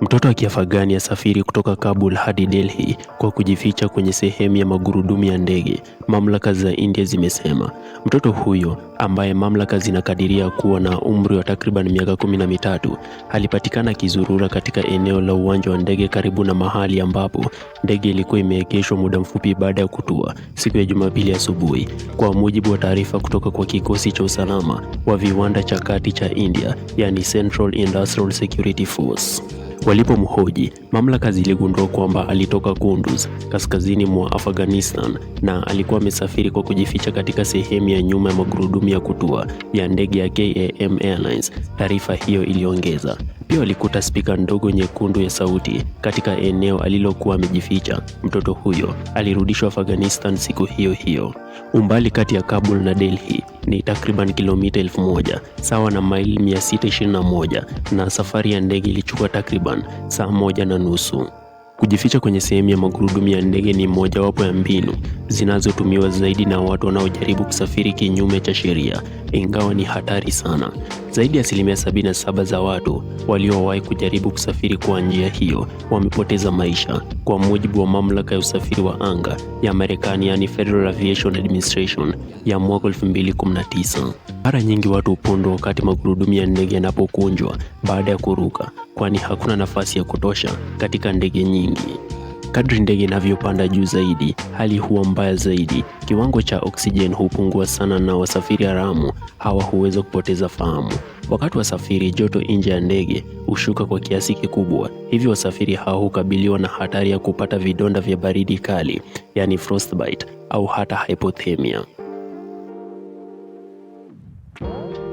Mtoto wa Kiafghani asafiri kutoka Kabul hadi Delhi kwa kujificha kwenye sehemu ya magurudumu ya ndege, mamlaka za India zimesema. Mtoto huyo ambaye mamlaka zinakadiria kuwa na umri wa takriban miaka kumi na mitatu alipatikana akizurura katika eneo la uwanja wa ndege karibu na mahali ambapo ndege ilikuwa imeegeshwa muda mfupi baada ya kutua siku ya Jumapili asubuhi, kwa mujibu wa taarifa kutoka kwa kikosi cha usalama wa viwanda cha kati cha India, yani Central Industrial Security Force. Walipomhoji, mamlaka ziligundua kwamba alitoka Kunduz, kaskazini mwa Afghanistan na alikuwa amesafiri kwa kujificha katika sehemu ya nyuma ya magurudumu ya kutua ya ndege ya KAM Airlines, taarifa hiyo iliongeza. Pia walikuta spika ndogo nyekundu ya sauti katika eneo alilokuwa amejificha. Mtoto huyo alirudishwa Afghanistan siku hiyo hiyo. Umbali kati ya Kabul na Delhi ni takriban kilomita 1000 sawa na maili 621 na safari ya ndege ilichukua takriban saa moja na nusu. Kujificha kwenye sehemu ya magurudumu ya ndege ni mojawapo ya mbinu zinazotumiwa zaidi na watu wanaojaribu kusafiri kinyume cha sheria, ingawa ni hatari sana. Zaidi ya asilimia 77 za watu waliowahi kujaribu kusafiri kwa njia hiyo wamepoteza maisha, kwa mujibu wa mamlaka ya usafiri wa anga ya Marekani, yani Federal Aviation Administration ya mwaka 2019. Mara nyingi watu hupondwa wakati magurudumu ya ndege yanapokunjwa baada ya kuruka, kwani hakuna nafasi ya kutosha katika ndege nyingi. Kadri ndege inavyopanda juu zaidi, hali huwa mbaya zaidi. Kiwango cha oksijeni hupungua sana na wasafiri haramu hawa huweza kupoteza fahamu. Wakati wasafiri, joto nje ya ndege hushuka kwa kiasi kikubwa, hivyo wasafiri hawa hukabiliwa na hatari ya kupata vidonda vya baridi kali, yani frostbite, au hata hypothermia. Thank oh. you.